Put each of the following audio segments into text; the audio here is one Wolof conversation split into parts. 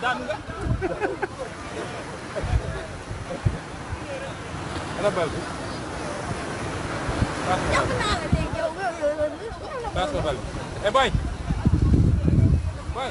waaw daan nga. ana bal bi. paas na bal bi. eh boy. boy.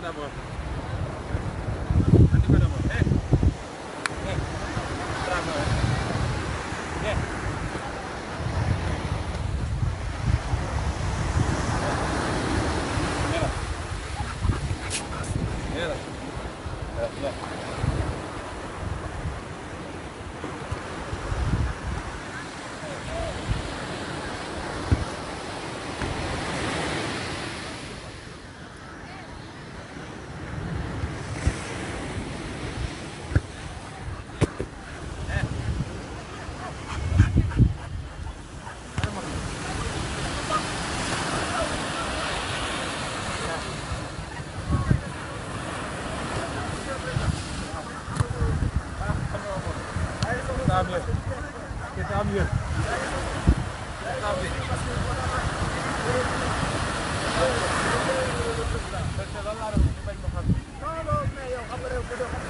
kadabra. Andi kadabra. Eh. Follow me, yo, I'm gonna go.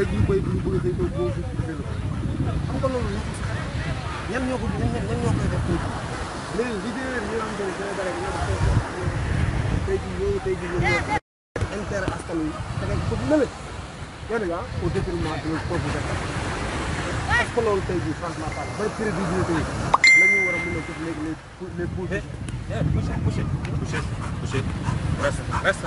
léegi ñu koy ñu bëgg a koy xam nga loolu ñoo ko ñan ñoo ko ñan ñoo koy def léegi li déwén ñu am jëriñ dina bëri ñoo ko tey jii ñoo tey jii ñoo intérêt askan wi da ngay foofu nële yéen nga ah au détriment de foofu def parce que loolu tey jii franchement parle ban crédibilité la ñu war a mën a def léegi les les poussées. poussées poussées poussées reste reste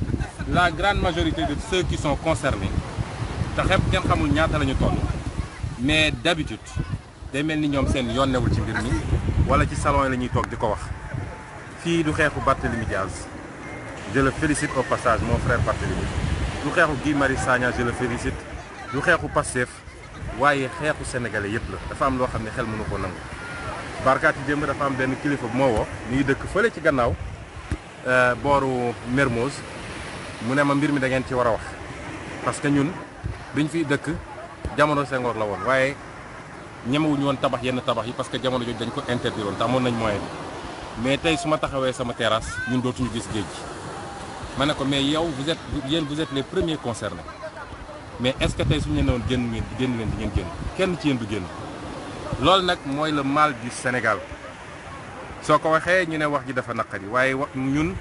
la grande majorité de ceux qui sont concernés te xepp ngeen xamul la ñu mais d'habitude day mel ni ñoom seen yoon newul ci mbir mi wala ci salon yi la ñuy ko wax fii du xeexu Barthélémy Diaz je le félicite au passage mon frère Barthélémy du xeexu Guy Marius Sagna je le félicite du xeexu Pastef waaye xeexu sénégalais yëpp la dafa am loo xam ne xel mënu ko nangu barkaati démb dafa am benn kilifa bu moo woo dëkk fële ci gannaaw euh, booru Mermoz mu ne ma mbir mi da ngeen ci war a wax parce que ñun biñ fi dëkk jamono sengor la woon waaye ñemewuñu woon tabax yenn tabax yi parce que jamono jooju dañ ko interdire woon te amoon nañ moyen bi mais tey su ma taxawee sama terrasse ñun dootuñu gis géej gi ma ne ko mais yow vous êtes yéen vous êtes les premiers concernés mais est ce que tey suñu leen woon génn ngeen génn leen di ngeen génn kenn ci yéen du génn loolu nag mooy le mal du Sénégal soo ko waxee ñu ne wax ji dafa naqari waaye ñun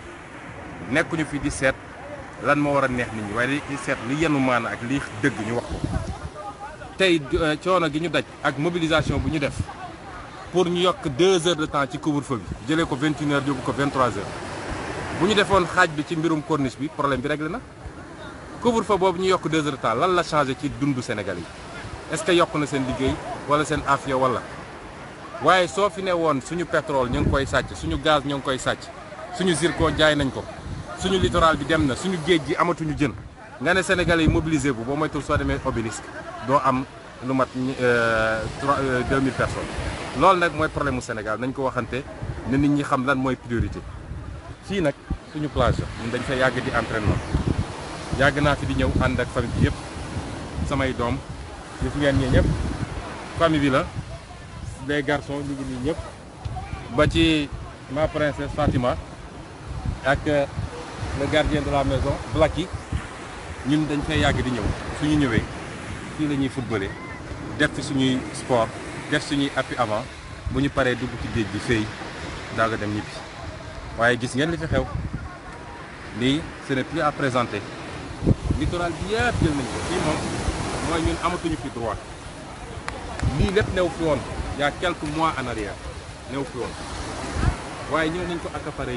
nekkuñu fi di seet lan moo war a neex nit ñi waaye dañuy seet li yenu maana ak lii dëgg ñu wax ko tey euh, coono gi ñu daj ak mobilisation bu ñu def pour ñu yokk deux heures de temps ci couvre-feu bi jëlee ko vingt une yóbbu ko vingt trois heures bu ñu defoon xaaj bi ci mbirum corniche bi problème bi réglé na couvre fa boobu ñu yokk deux heures de temps lan la changé ci dundu Sénégal yi est-ce que yokk na seen liggéey wala seen afia wala waaye soo fi ne woon suñu pétrole ñu ngi koy sàcc suñu gaz ñu ngi koy sàcc suñu zircon jaay nañ ko suñu littoral bi dem na suñu géej gi amatuñu jën nga ne sénégalais yi mobiliser bu boo moytul soo demee obélisque doo am lu mat euh, trois euh, deux mille personnes loolu nag mooy problème mu Sénégal nañ ko waxante ne nit ñi xam lan mooy priorité fii nag suñu plage ñun dañ fay yàgg di entraînement yàgg naa fi di ñëw ànd ak famille bi yëpp samay doom gis ngeen ñi ñëpp famille bi la les garçons ñu nii ñëpp ba ci ma princesse Fatima ak le gardien de la maison Blacky ñun dañ fay yàgg di suñu Nous nous sport def nous avant bu nous paree dugg dem nous gis ngeen li fi ce n'est plus à présenter littoral est bien jël Nous ñun amatuñu fi droit Nous lépp new fi y a quelques mois en arrière Nous fi tous les nous nañ ko accaparé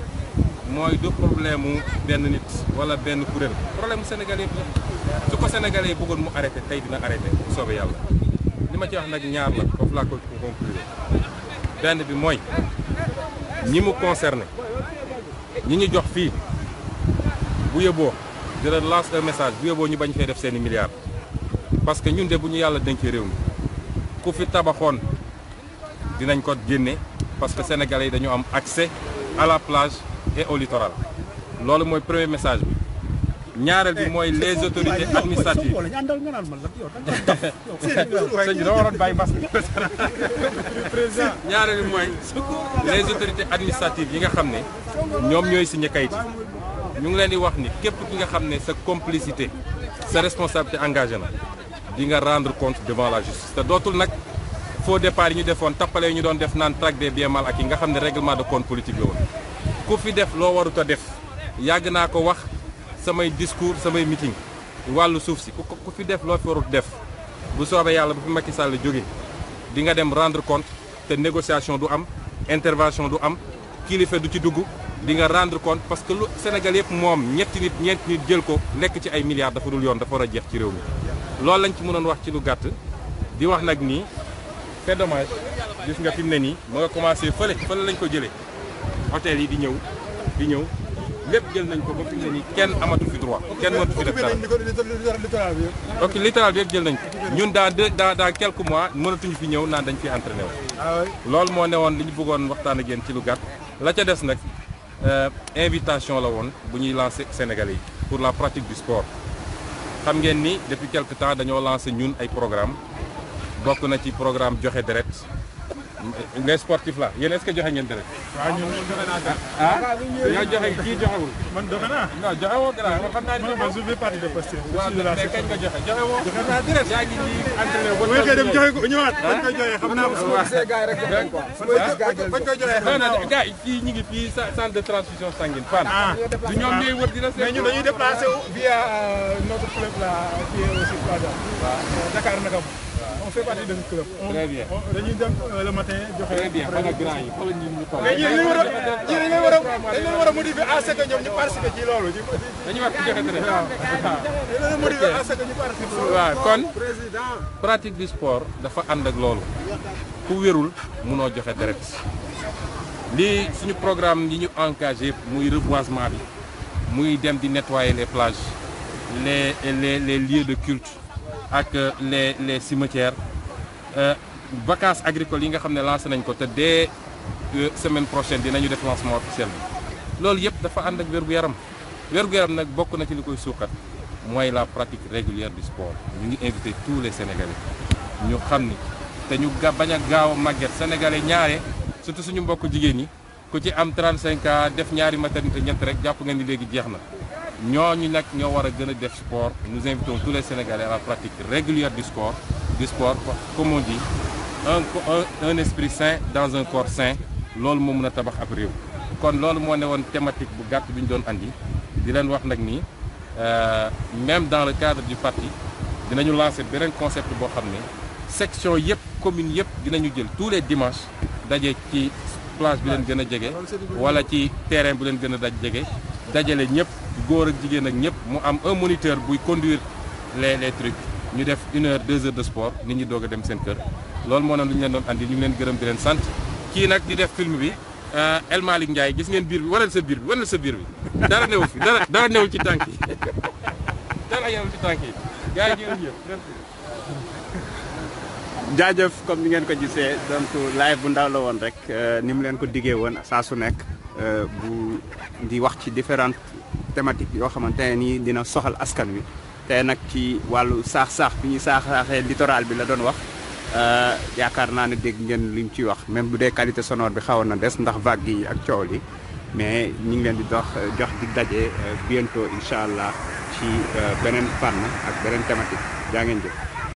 moy du problème problèmes nit wala problème sénégalais Si su ko sénégalais yi mu arrêter, tay dina que soobee yalla lima ci wax nak ñaar la la ko conclure bi concerné ñi jox fi bu yebo un message bu yebo ñu bañ fay milliards parce que ñun de buñu yalla yàlla ku fi tabaxone dinañ parce que sénégalais yi accès à la plage et au littoral loolu mon premier message bi ñaareel bi moy les autorités administratives sëñ bi dama président bi moy les autorités administratives yi nga xamné ñom ñoy ñooy signé kayit ñu ngi leen di wax ni képp ki nga xamné sa complicité sa responsabilité engagée na di nga rendre compte devant la justice te dootul nak faux départ yi ñu defoon tapalé ñu doon def naan traque des biens mal ak yi nga xamné règlement de compte politique ku fi def loo warut a def yàgg naa ko wax samay discours samay meeting wàllu suuf si ku fi def loo fi warut def bu soobee yàlla bu fi Macky Sall jóge di nga dem rendre compte te négociation du am intervention du am kilifa du ci dugg di nga rendre compte parce que lu Sénégal yëpp moom ñetti nit ñeenti nit jël ko lekk ci ay milliards dafa dul yoon dafa war a jeex ci réew mi. loolu lañ ci mënoon wax ci lu gàtt di wax nag nii c'est dommage gis nga fi mu ne nii moo nga commencé fële lañ ko jëlee. hôtel yi di ñëw di ñëw lépp jël nañ ko ba fi mu kenn amatu fi droit kenn mënatu fi def dara ok littoral bi yëpp jël nañ ko ñun dans deux dans dans quelques mois mënatuñu fi ñëw naan dañ fi entraîné wu ah lool moo ne woon li ñu bëggoon waxtaan ak yéen ci lu gàtt la ca des nag euh, invitation la woon bu ñuy lancer Sénégalais yi pour la pratique du sport xam ngeen ni depuis quelque temps dañoo lancer ñun ay programme bokk na ci programme joxe deret les sportifs là yéen est-ce que joxe ngeen deret. joxe naa ah? Ah, joxe kii joxewul. man joxe naa. joxe woo gën a xam naa. man man je fais partie de Pastef. waaw mais kañ joxe joxe woo. joxe naa deret yaa ngi ko ah? joxe kii ñu fii centre de transfusion sanguine Fann. ah du ñoom ñooy wër dina seet. mais ñun dañuy déplacé wu. via euh, notre club là qui est aussi fait partie d'un club. dem euh, le joxe. très bien ñu ñu toll. mais ñii dañu war joxe très waaw kon pratique du sport dafa ànd ak loolu ku wérul munoo joxe deret lii suñu programme yi ñu engagé muy reboisement bi muy dem di nettoyer les plages les les les lieux de culte. ak les les cimetières euh vacances agricoles yi nga xamné lancé nañ ko té dès euh, semaine prochaine dinañu def lancement officiel lool yépp dafa and ak wér-gu-yaram wér-gu-yaram nak bokku na ci likoy koy moy la pratique régulière du sport ñu ngi inviter tous les sénégalais ñu xamni té ñu ga baña gaaw a sénégalais ñaaré surtout suñu mbokk jigéen yi ku ci am 35 ans def ñaari maternité ñett rek japp nga ni légui jeexna nous invitons tous les Sénégalais à la pratique régulière du sport du sport comme on dit un esprit sain dans un corps sain c'est ce que nous avons thématique euh, même dans le cadre du parti avons lancer un concept pour section commune tous les dimanches sur place bi leen nous terrain leen góor ak jigéen ak ñëpp mu am un moniteur buy conduire les les trucs ñu def une heure deux heures de sport nit ñi doog a dem seen kër loolu moo doon lu ñu leen doon indi ñu ngi leen gërëm di leen sant kii nag di def film bi euh, El Malick Ndiaye gis ngeen biir bi waral sa biir bi waral sa biir bi dara newu fi dara newu ci tànk yi dara newu ci tànk yi gars yi jërëjëf comme ni ngeen ko gisee donc live bu ndaw la woon rek euh, ni mu leen ko diggee woon saa su nekk euh, bu di wax ci différentes thématique yoo xamante ne nii dina soxal askan wi tey nag ci wàllu saax-saax bi ñuy saax-saaxee littoral bi la doon wax euh, yaakaar naa ne dégg ngeen liñ ciy wax même bu dee qualité sonor bi xawoon na des ndax vague yi ak coow yi mais ñu ngi leen di dox jox di daje euh, bientôt incha allah ci euh, beneen fànn ak beneen thématique jaa ngeen jëf